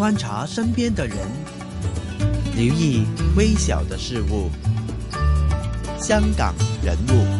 觀察身邊的人，留意微小的事物，香港人物。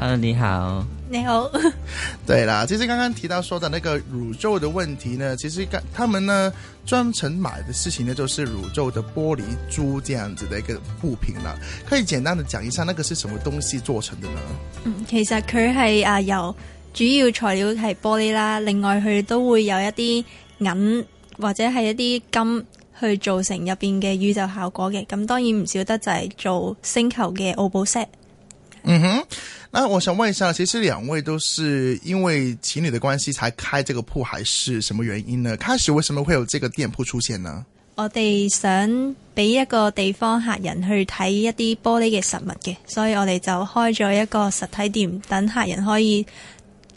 啊，Hello，你好，你好 。對啦，其實剛剛提到說的那個宇宙的問題呢，其實佢，他們呢專程買的事情呢，就是宇宙的玻璃珠這樣子的一個物品啦。可以簡單的講一下，那個是什麼東西做成的呢？嗯，其實佢係啊由主要材料係玻璃啦，另外佢都會有一啲銀或者係一啲金去做成入邊嘅宇宙效果嘅。咁當然唔少得就係做星球嘅奧布石。嗯哼，那我想問一下，其實兩位都是因為情侶的關係才開這個鋪，還是什麼原因呢？開始為什麼會有這個店鋪出現呢？我哋想俾一個地方客人去睇一啲玻璃嘅實物嘅，所以我哋就開咗一個實體店，等客人可以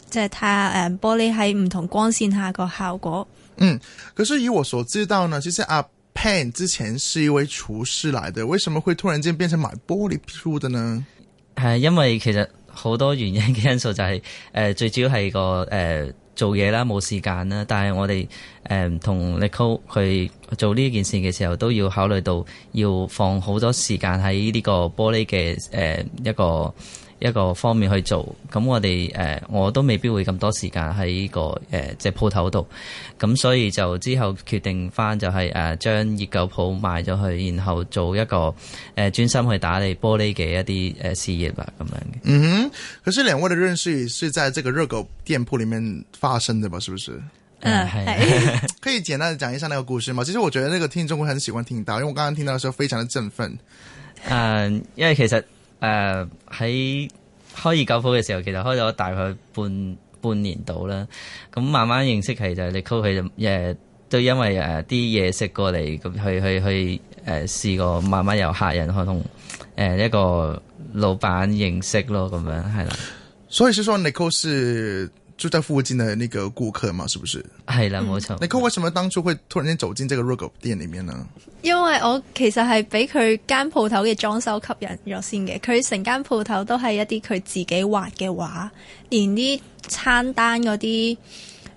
即係睇下誒玻璃喺唔同光線下個效果。嗯，可是以我所知道呢，其實阿 Pan 之前是一位廚師嚟的，為什麼會突然間變成買玻璃鋪的呢？係，因為其實好多原因嘅因素就係、是，誒、呃、最主要係個誒、呃、做嘢啦，冇時間啦，但係我哋。誒同 Nicole 去做呢件事嘅時候，都要考慮到要放好多時間喺呢個玻璃嘅誒、呃、一個一個方面去做。咁我哋誒我都未必會咁多時間喺呢、呢個誒即係鋪頭度。咁、嗯、所以就之後決定返就係誒將熱狗鋪賣咗去，然後做一個誒、呃、專心去打理玻璃嘅一啲誒事業啦咁樣嘅。嗯哼，可是兩位嘅認識是在這個熱狗店鋪裡面發生的吧？是不是？嗯係，uh, 啊、 可以簡單的講一下那個故事嗎？其實我覺得呢個聽眾會很喜歡聽到，因為我剛剛聽到的時候非常的振奮。誒，uh, 因為其實誒喺開二九鋪嘅時候，其實開咗大概半半年度啦，咁慢慢認識係就 Nicole 佢就，誒、呃、都因為誒啲嘢食過嚟咁去去去誒試、呃、過，慢慢由客人去同誒一個老闆認識咯，咁樣係啦。啊、所以是說 Nicole 是。就在附近的那個顧客嘛，是不是？係啦，冇錯。你佢為什麼當初會突然間走進這個熱狗店裏面呢？因為我其實係俾佢間鋪頭嘅裝修吸引咗先嘅，佢成間鋪頭都係一啲佢自己畫嘅畫，連啲餐單嗰啲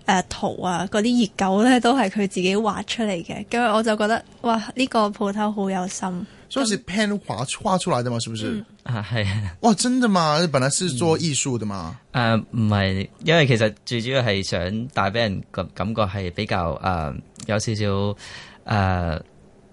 誒圖啊，嗰啲熱狗咧都係佢自己畫出嚟嘅，咁我就覺得哇，呢、這個鋪頭好有心，嗯、所以是 pan 畫畫出來的嘛，是不是？嗯啊係哇，真的嘛？本來是做藝術的嘛？誒、嗯，唔、呃、係，因為其實最主要係想帶俾人感感覺係比較誒、呃、有少少誒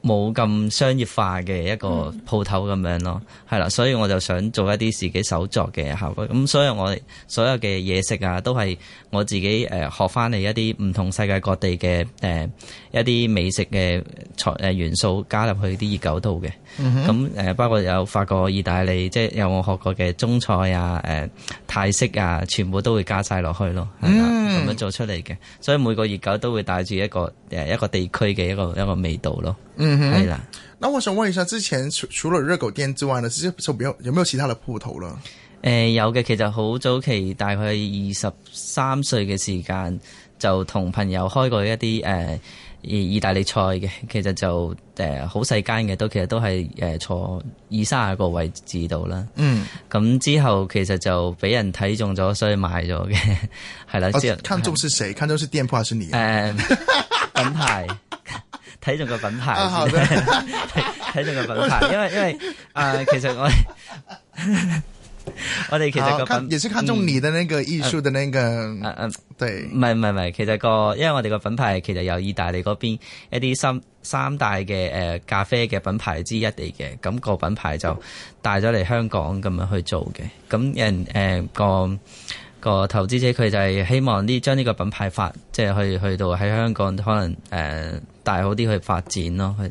冇咁商業化嘅一個鋪頭咁樣咯。係啦、嗯，所以我就想做一啲自己手作嘅效果。咁、嗯、所以我所有嘅嘢食啊，都係我自己誒、呃、學翻嚟一啲唔同世界各地嘅誒、呃、一啲美食嘅材誒元素加入去啲熱狗度嘅。咁誒，嗯、包括有法國、意大利，即、就、係、是、有我學過嘅中菜啊、誒、呃、泰式啊，全部都會加晒落去咯，咁、嗯、哼樣做出嚟嘅。所以每個熱狗都會帶住一個誒、呃、一個地區嘅一個一個味道咯。嗯哼，係啦。那我想問一下，之前除除咗熱狗店之外，呢其實有冇有冇其他嘅鋪頭咯？誒、呃，有嘅。其實好早期，大概二十三歲嘅時間，就同朋友開過一啲誒。呃意意大利菜嘅，其實就誒好細間嘅，都、呃、其實都係誒、呃、坐二三十個位置度啦。嗯，咁、嗯、之後其實就俾人睇中咗，所以買咗嘅，係 啦了。哦、之後看中是誰？看中是店鋪還是你、啊？誒、嗯、品牌睇 中個品牌，睇、啊、 中個品牌，因為因為誒、呃、其實我。 我哋其實個品、啊，也是看中你的那個藝術的那個，嗯嗯，啊啊啊、對，唔係唔係唔係，其實、那個，因為我哋個品牌其實由意大利嗰邊一啲三三大嘅誒咖啡嘅品牌之一嚟嘅，咁、那個品牌就帶咗嚟香港咁樣去做嘅，咁人誒、呃、個個投資者佢就係希望呢將呢個品牌發，即係去去到喺香港可能誒大、呃、好啲去發展咯，去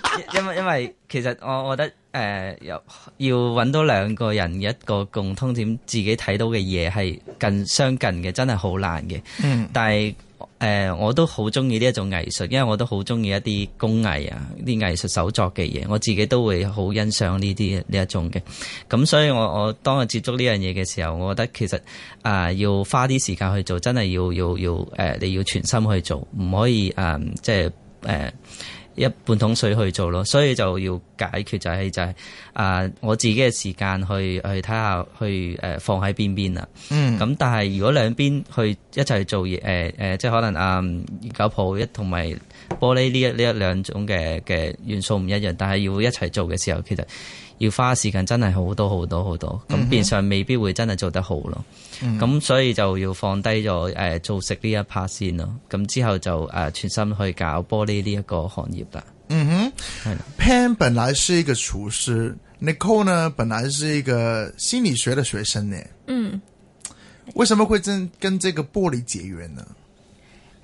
因為因為其實我我覺得誒、呃，要要揾到兩個人一個共通點，自己睇到嘅嘢係近相近嘅，真係好難嘅。嗯，但係誒、呃，我都好中意呢一種藝術，因為我都好中意一啲工藝啊，啲藝術手作嘅嘢，我自己都會好欣賞呢啲呢一種嘅。咁所以我我當我接觸呢樣嘢嘅時候，我覺得其實啊、呃，要花啲時間去做，真係要要要誒、呃，你要全心去做，唔可以誒、呃，即係誒。呃一半桶水去做咯，所以就要解決就係就係啊我自己嘅時間去去睇下，去誒、呃、放喺邊邊啦。嗯，咁但係如果兩邊去一齊做嘢，誒、呃、誒、呃，即係可能啊鉄一同埋玻璃呢一呢一兩種嘅嘅元素唔一樣，但係要一齊做嘅時候，其實。要花時間真係好多好多好多，咁、嗯、哼變相未必會真係做得好咯。咁、嗯、哼所以就要放低咗誒做食呢一 part 先咯，咁之後就誒、呃、全心去搞玻璃呢一個行業啦。嗯哼，係的。Pan 本來是一個廚師，Nicole 呢本來是一個心理學嘅學生呢。嗯，為什麼會跟跟這個玻璃結緣呢？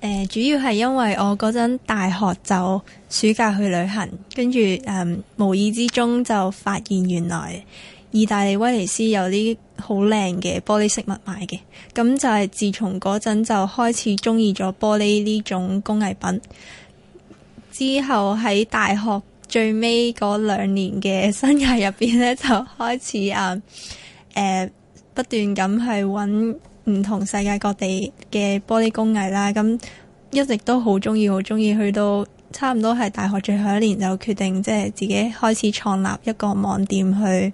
誒、呃，主要係因為我嗰陣大學就暑假去旅行，跟住誒無意之中就發現原來意大利威尼斯有啲好靚嘅玻璃飾物買嘅，咁就係自從嗰陣就開始中意咗玻璃呢種工藝品。之後喺大學最尾嗰兩年嘅生涯入邊咧，就開始誒誒、嗯呃，不斷咁去搵。唔同世界各地嘅玻璃工藝啦，咁一直都好中意，好中意，去到差唔多係大學最後一年就決定，即係自己開始創立一個網店去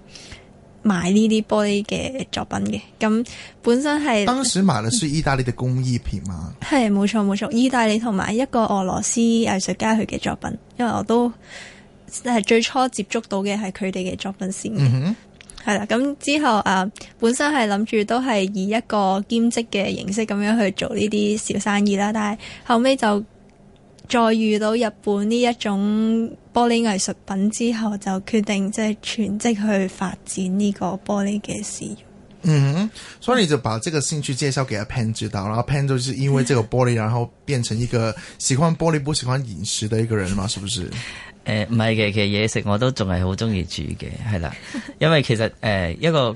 買呢啲玻璃嘅作品嘅。咁本身係當時買嘅是意大利嘅工藝品嘛，係冇錯冇錯，意大利同埋一個俄羅斯藝術家佢嘅作品，因為我都誒最初接觸到嘅係佢哋嘅作品先。嗯哼係啦，咁之後誒、啊，本身係諗住都係以一個兼職嘅形式咁樣去做呢啲小生意啦，但係後尾就再遇到日本呢一種玻璃藝術品之後，就決定即係全職去發展呢個玻璃嘅事業。嗯哼，所以你就把這個興趣介紹畀阿 Pen 知道，阿 Pen 就是因為這個玻璃，然後變成一個喜歡玻璃、不喜歡飲食的一個人嘛，是不是？誒，唔係嘅，其實嘢食我都仲係好中意煮嘅，係啦，因為其實誒、呃、一個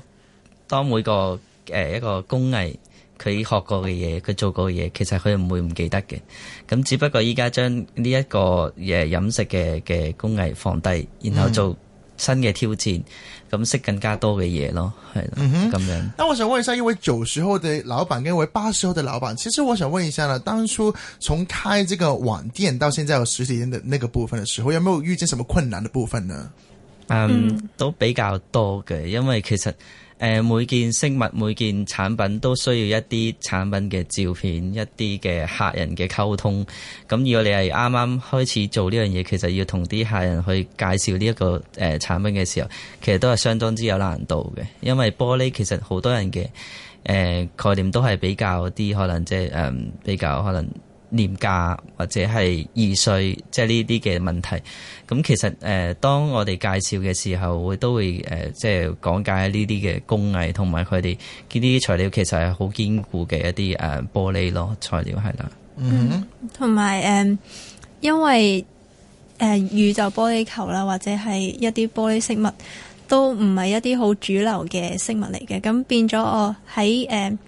當每個誒、呃、一個工藝，佢學過嘅嘢，佢做過嘅嘢，其實佢唔會唔記得嘅，咁只不過依家將呢一個嘢飲食嘅嘅工藝放低，然後做新嘅挑戰。嗯咁識更加多嘅嘢咯，係啦，咁樣。那我想問一下，因為九十後嘅老闆，跟埋八十後的老闆，其實我想問一下啦，當初從開這個網店到現在有實體店的那個部分的時候，有冇遇見什麼困難的部分呢？嗯，都比較多嘅，因為其實。誒每件飾物每件產品都需要一啲產品嘅照片，一啲嘅客人嘅溝通。咁如果你係啱啱開始做呢樣嘢，其實要同啲客人去介紹呢一個誒、呃、產品嘅時候，其實都係相當之有難度嘅，因為玻璃其實好多人嘅誒、呃、概念都係比較啲可能即係誒比較可能。廉價或者係易碎，即係呢啲嘅問題。咁其實誒、呃，當我哋介紹嘅時候，我都會誒、呃，即係講解呢啲嘅工藝同埋佢哋呢啲材料，其實係好堅固嘅一啲誒玻璃咯，材料係啦。嗯，同埋誒，因為誒、呃、宇宙玻璃球啦，或者係一啲玻璃飾物，都唔係一啲好主流嘅飾物嚟嘅。咁變咗我喺誒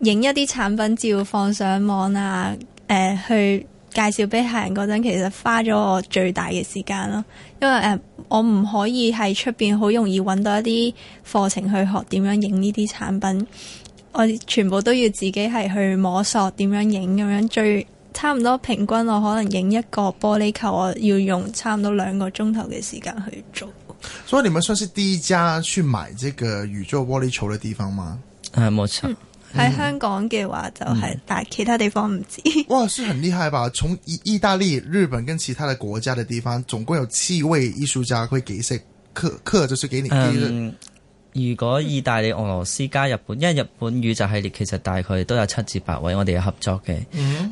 影一啲產品照放上網啊！誒、呃，去介紹俾客人嗰陣，其實花咗我最大嘅時間咯，因為誒、呃，我唔可以喺出邊好容易揾到一啲課程去學點樣影呢啲產品，我全部都要自己係去摸索點樣影咁樣，最差唔多平均我可能影一個玻璃球，我要用差唔多兩個鐘頭嘅時間去做。所以你們算是第一家去買這個宇宙玻璃球嘅地方嗎？誒、嗯，冇錯。喺香港嘅話就係、是，嗯、但係其他地方唔知。嗯、 哇，是很厲害吧？從意意大利、日本跟其他的國家的地方，總共有七位藝術家會給一些課課，課就是給你。嗯如果意大利、俄羅斯加日本，因為日本宇宙系列其實大概都有七至八位，我哋合作嘅，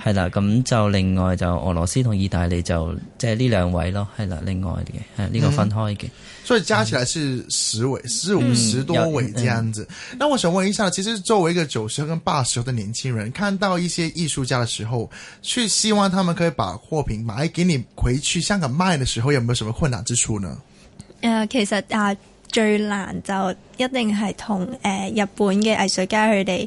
係啦、mm。咁、hmm. 就另外就俄羅斯同意大利就即係呢兩位咯，係啦。另外嘅係呢個分開嘅、嗯。所以加起來是十位、嗯、十五、十多位這樣子。嗯嗯、那我想問一下，其實作為一個九十跟八十的年輕人，看到一些藝術家嘅時候，去希望他們可以把貨品買嚟，給你回去香港賣的時候，有沒有什麼困難之處呢？誒、呃，其實啊。最難就一定係同誒日本嘅藝術家，佢哋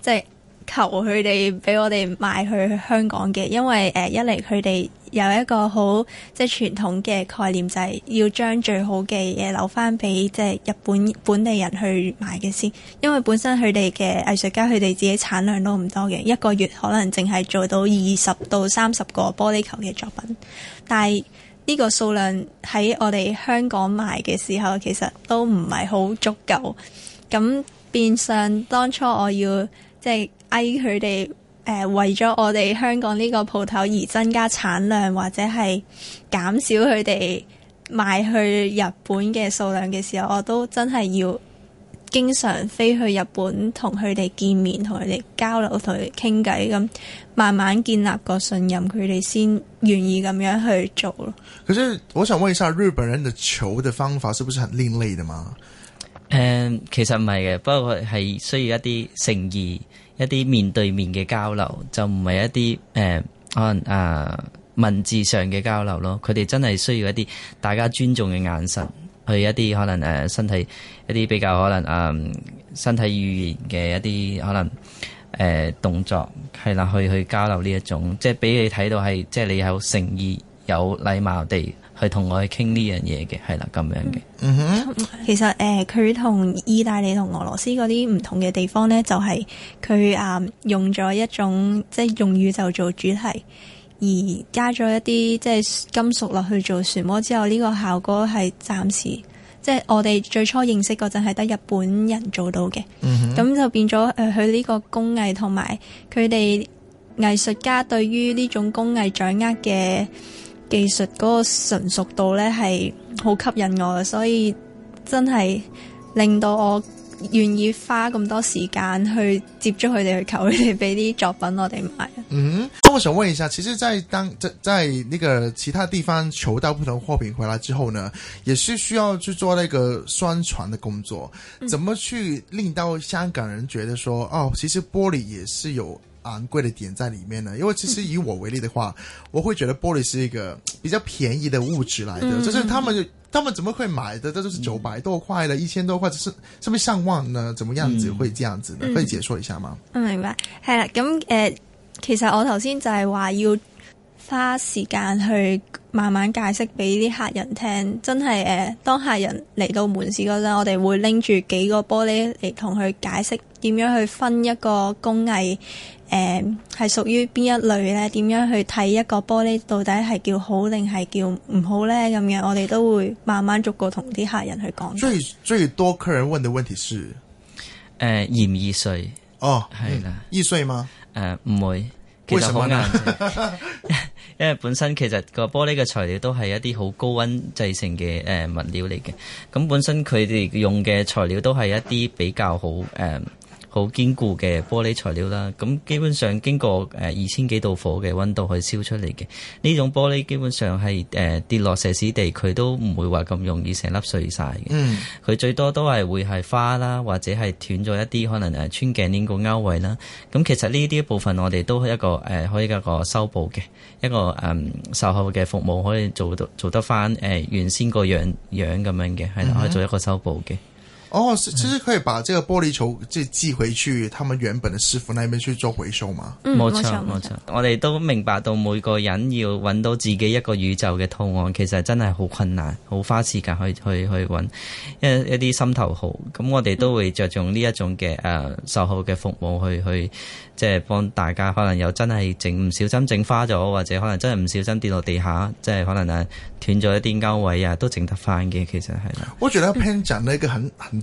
即係求佢哋俾我哋賣去香港嘅，因為誒、呃、一嚟佢哋有一個好即係傳統嘅概念就，就係要將最好嘅嘢留返俾即係日本本地人去賣嘅先，因為本身佢哋嘅藝術家佢哋自己產量都唔多嘅，一個月可能淨係做到二十到三十個玻璃球嘅作品，但係。呢個數量喺我哋香港賣嘅時候，其實都唔係好足夠，咁變相，當初我要，即係嗌佢哋，誒為咗我哋香港呢個鋪頭而增加產量，或者係減少佢哋賣去日本嘅數量嘅時候，我都真係要。經常飛去日本同佢哋見面，同佢哋交流，同佢哋傾偈，咁慢慢建立個信任，佢哋先願意咁樣去做咯。可是我想問一下，日本人嘅求嘅方法是不是很另類的嘛？誒、嗯，其實唔係嘅，不過係需要一啲誠意，一啲面對面嘅交流，就唔係一啲誒、呃、可能誒、啊、文字上嘅交流咯。佢哋真係需要一啲大家尊重嘅眼神，去一啲可能誒、呃、身體一啲比較可能誒、呃、身體語言嘅一啲可能誒、呃、動作係啦，去去交流呢、就是呃、一種，即係俾你睇到係即係你有誠意、有禮貌地去同我去傾呢樣嘢嘅係啦，咁樣嘅。嗯哼，其實誒佢同意大利同俄羅斯嗰啲唔同嘅地方咧，就係佢啊用咗一種即係用宇宙做主題。而加咗一啲即係金屬落去做漩渦之後，呢、這個效果係暫時，即係我哋最初認識嗰陣係得日本人做到嘅。咁、嗯、哼就變咗誒佢呢個工藝同埋佢哋藝術家對於呢種工藝掌握嘅技術嗰個純熟度咧，係好吸引我，所以真係令到我。願意花咁多時間去接觸佢哋，去求你哋俾啲作品我哋買。嗯，我想問一下，其實在，在當在在呢個其他地方求到不同貨品回來之後呢，也是需要去做呢個宣傳的工作，怎麼去令到香港人覺得說，哦，其實玻璃也是有。昂貴的點在裏面呢？因為其實以我為例的話，嗯、我會覺得玻璃是一個比較便宜的物質嚟的，就是、嗯、他們他們怎麼會買的？這就是九百多塊、了一千多塊，是是不是上萬呢？怎麼樣子會這樣子呢？可以解說一下嗎？唔、嗯嗯、明白，係啦，咁誒、呃，其實我頭先就係話要花時間去。慢慢解釋俾啲客人聽，真係誒、呃，當客人嚟到門市嗰陣，我哋會拎住幾個玻璃嚟同佢解釋點樣去分一個工藝誒係、呃、屬於邊一類咧？點樣去睇一個玻璃到底係叫好定係叫唔好咧？咁樣我哋都會慢慢逐個同啲客人去講。最最多客人問嘅問題是誒易唔易碎？呃、哦，係啦的，易碎、嗯、嗎？誒唔、呃、會。其實好難，為什 因為本身其實個玻璃嘅材料都係一啲好高溫製成嘅誒物料嚟嘅，咁本身佢哋用嘅材料都係一啲比較好誒。Um, 好堅固嘅玻璃材料啦，咁基本上經過誒、呃、二千幾度火嘅溫度去燒出嚟嘅呢種玻璃，基本上係誒跌落石屎地，佢都唔會話咁容易成粒碎晒嘅。嗯，佢最多都係會係花啦，或者係斷咗一啲可能誒穿頸鏈個勾位啦。咁其實呢啲部分我哋都係一個誒、呃、可以一個修補嘅一個誒、嗯、售後嘅服務，可以做到做得翻誒、呃、原先個樣，樣樣咁樣嘅，係可以做一個修補嘅。嗯哦，其實可以把這個玻璃球即係寄回去，他們原本的師傅那邊去做回收嘛？冇錯冇錯，我哋都明白到每個人要揾到自己一個宇宙嘅圖案，其實真係好困難，好花時間去去去揾一一啲心頭好。咁我哋都會着重呢一種嘅誒、嗯啊、售後嘅服務去去，即係幫大家可能又真係整唔小心整花咗，或者可能真係唔小心跌落地下，即、就、係、是、可能啊斷咗一啲膠位啊，都整得返嘅。其實係啦。我覺得 Pen 講一個很很，嗯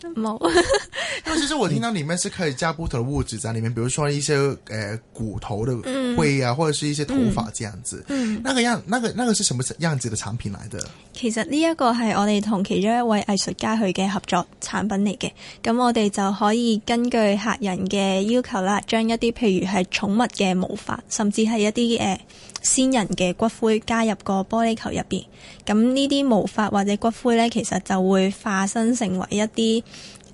冇，因為沒 但其實我聽到裏面是可以加不同的物質在裏面，比如說一些誒、呃、骨頭的灰啊，或者是一些頭髮這樣子。嗯，那個樣，那個那個是什麼樣子的產品來的？其實呢一個係我哋同其中一位藝術家去嘅合作產品嚟嘅，咁我哋就可以根據客人嘅要求啦，將一啲譬如係寵物嘅毛髮，甚至係一啲誒、呃先人嘅骨灰加入個玻璃球入邊，咁呢啲毛髮或者骨灰呢，其實就會化身成為一啲誒、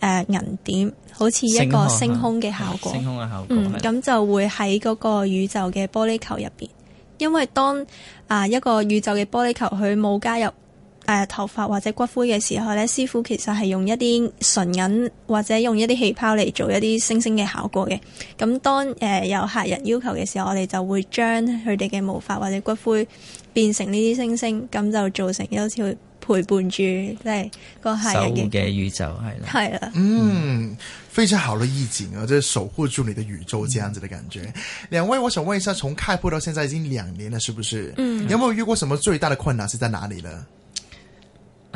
呃、銀點，好似一個星空嘅效果。星空嘅效果。嗯，咁的就會喺嗰個宇宙嘅玻璃球入邊，因為當啊、呃、一個宇宙嘅玻璃球佢冇加入。誒、哎，頭髮或者骨灰嘅時候呢，師傅其實係用一啲純銀或者用一啲氣泡嚟做一啲星星嘅效果嘅。咁當誒、呃、有客人要求嘅時候，我哋就會將佢哋嘅毛髮或者骨灰變成呢啲星星，咁就造成好似、就是、陪伴住即係個客人嘅守護嘅宇宙係啦。係啦，嗯，嗯，非常好嘅意境啊，即、就、係、是、守護住你嘅宇宙，這樣子嘅感覺。兩、嗯、位，我想問一下，從開鋪到現在已經兩年了，是不是？嗯，有冇遇過什麼最大嘅困難是在哪裏呢？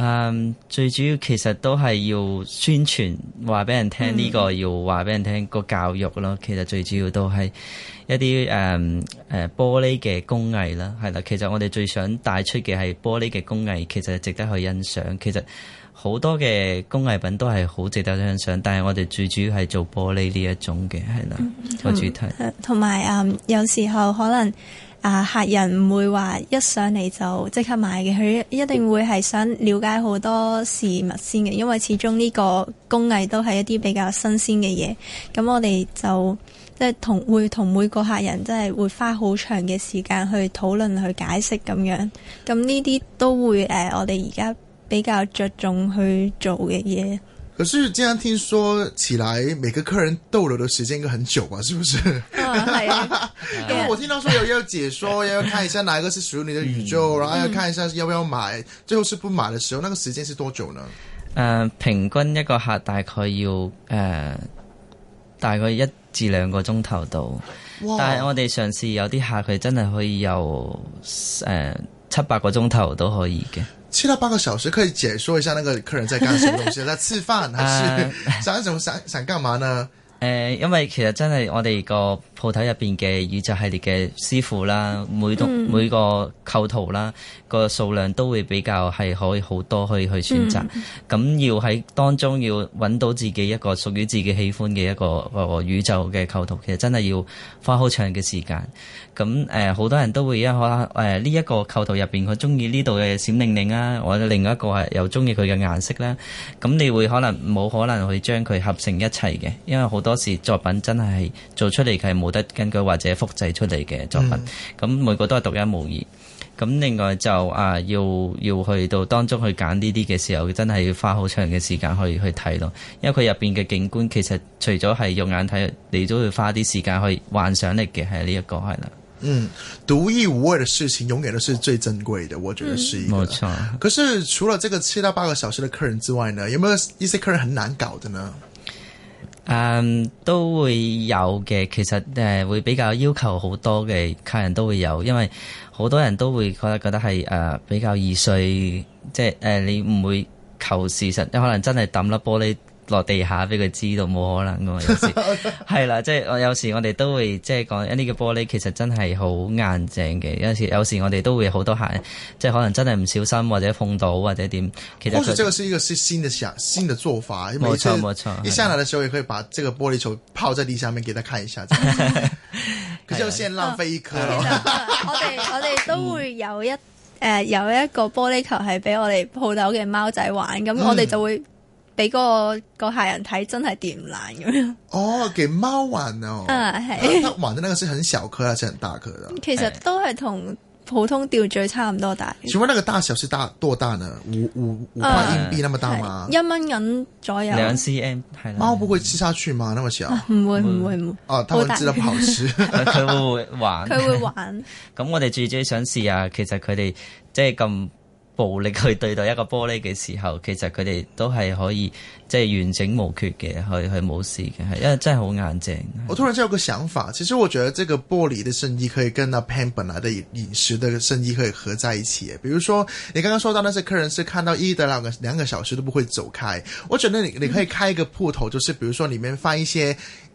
嗯，um, 最主要其實都係要宣傳，話俾人聽呢、這個、嗯、要話俾人聽個教育咯。其實最主要都係一啲誒誒玻璃嘅工藝啦，係啦。其實我哋最想帶出嘅係玻璃嘅工藝，其實值得去欣賞。其實好多嘅工藝品都係好值得去欣賞，但係我哋最主要係做玻璃呢一種嘅係啦個主題。同埋誒，um, 有時候可能。啊！客人唔會話一上嚟就即刻買嘅，佢一定會係想了解好多事物先嘅。因為始終呢個工藝都係一啲比較新鮮嘅嘢。咁我哋就即係同會同每個客人，即係會花好長嘅時間去討論、去解釋咁樣。咁呢啲都會誒、呃，我哋而家比較着重去做嘅嘢。可是，經常聽說起來，每個客人逗留的時間應該很久吧，啊？是不是？因為 我聽到說有要解說， 要看一下哪一個是屬於你的宇宙，嗯，然後要看一下要不要買。嗯，最後是不買的時候，那個時間是多久呢，呃？平均一個客大概要，呃，大概一至兩個鐘頭到。哇但係我哋嘗試有啲客佢真係可以有，呃，七八個鐘頭都可以嘅。七到八個小時可以解說一下，那個客人在幹什麼東西， 在吃飯 還是、uh, 想什麼，想想幹嘛呢？誒，uh, 因為其實真係我哋個。鋪頭入邊嘅宇宙系列嘅師傅啦，每通每個構圖啦，個數、嗯、量都會比較係可以好多可以去選擇，咁、嗯、要喺當中要揾到自己一個屬於自己喜歡嘅一個宇宙嘅構圖其實真係要花好長嘅時間，咁誒好多人都會啊，可能誒呢一個構圖入邊，佢中意呢度嘅閃靈靈啊，或者另外一個係又中意佢嘅顏色啦，咁你會可能冇可能去將佢合成一齊嘅，因為好多時作品真係做出嚟佢係冇。得根據或者複製出嚟嘅作品，咁每個都係獨一無二。咁另外就啊，要要去到當中去揀呢啲嘅時候，真係要花好長嘅時間去去睇咯。因為佢入邊嘅景觀其實除咗係肉眼睇，你都要花啲時間去幻想力嘅，係呢一個係啦。嗯，獨一無二嘅事情永遠都是最珍貴的，我覺得是一個。冇錯。嗯、是是可是除了這個七到八個小時嘅客人之外呢？有冇一些客人很難搞的呢？嗯，um, 都會有嘅，其實誒、呃，會比較要求好多嘅客人都會有，因為好多人都會覺得覺得係誒、呃、比較易碎，即係誒、呃、你唔會求事實，有可能真係抌粒玻璃，落地下俾佢知道冇可能嘅，有時係啦，即係我有時我哋都會即係、就是、講呢個玻璃其實真係好硬淨嘅，有時有時我哋都會好多客人，即、就、係、是、可能真係唔小心或者碰到或者點。其實，不過，呢個係一個新嘅想新嘅做法。冇錯冇錯，你上嚟嘅時候亦可以把這個玻璃球拋在地上面，俾大家睇一下。可是 要先浪費一顆 我。我哋我哋都會有一誒、呃、有一個玻璃球係俾我哋鋪頭嘅貓仔玩，咁我哋就會。俾個個客人睇真係掂唔爛咁樣，哦，給貓玩哦，啊係，那、啊、玩的那個是很小顆還是很大顆的？其實都係同普通吊墜差唔多大。請問那個大小是大多大呢？五五五塊硬幣那麼大嘛？一蚊銀左右，兩 cm 係啦。貓不會吃下去嘛？那麼、個、小？唔會唔會哦，會啊！會會會啊，知道不好吃，佢 會玩，佢 會玩。咁 我哋自己想試下。其實佢哋即係咁。暴力去對待一個玻璃嘅時候，其實佢哋都係可以即係完整無缺嘅，去去冇事嘅，係因為真係好硬淨。我突然之間有個想法，其實我覺得這個玻璃的生意可以跟阿 Pan 本來的飲食的生意可以合在一起。比如說你剛剛說到那些客人是看到一到兩個兩個小時都不會走開，我覺得你你可以開一個鋪頭，就是比如說裡面放一些。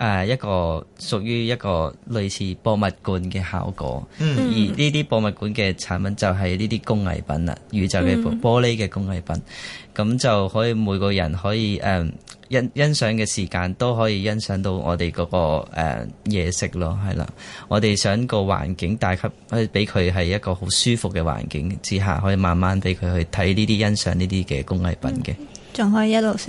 誒、啊、一個屬於一個類似博物館嘅效果，嗯，而呢啲博物館嘅產品就係呢啲工藝品啦，宇宙嘅玻璃嘅工藝品，咁、嗯、就可以每個人可以誒、嗯、欣欣賞嘅時間都可以欣賞到我哋、嗰個誒誒嘢食咯，係啦，我哋想個環境帶給可以俾佢係一個好舒服嘅環境之下，可以慢慢俾佢去睇呢啲欣賞呢啲嘅工藝品嘅，仲、嗯、可以一路食。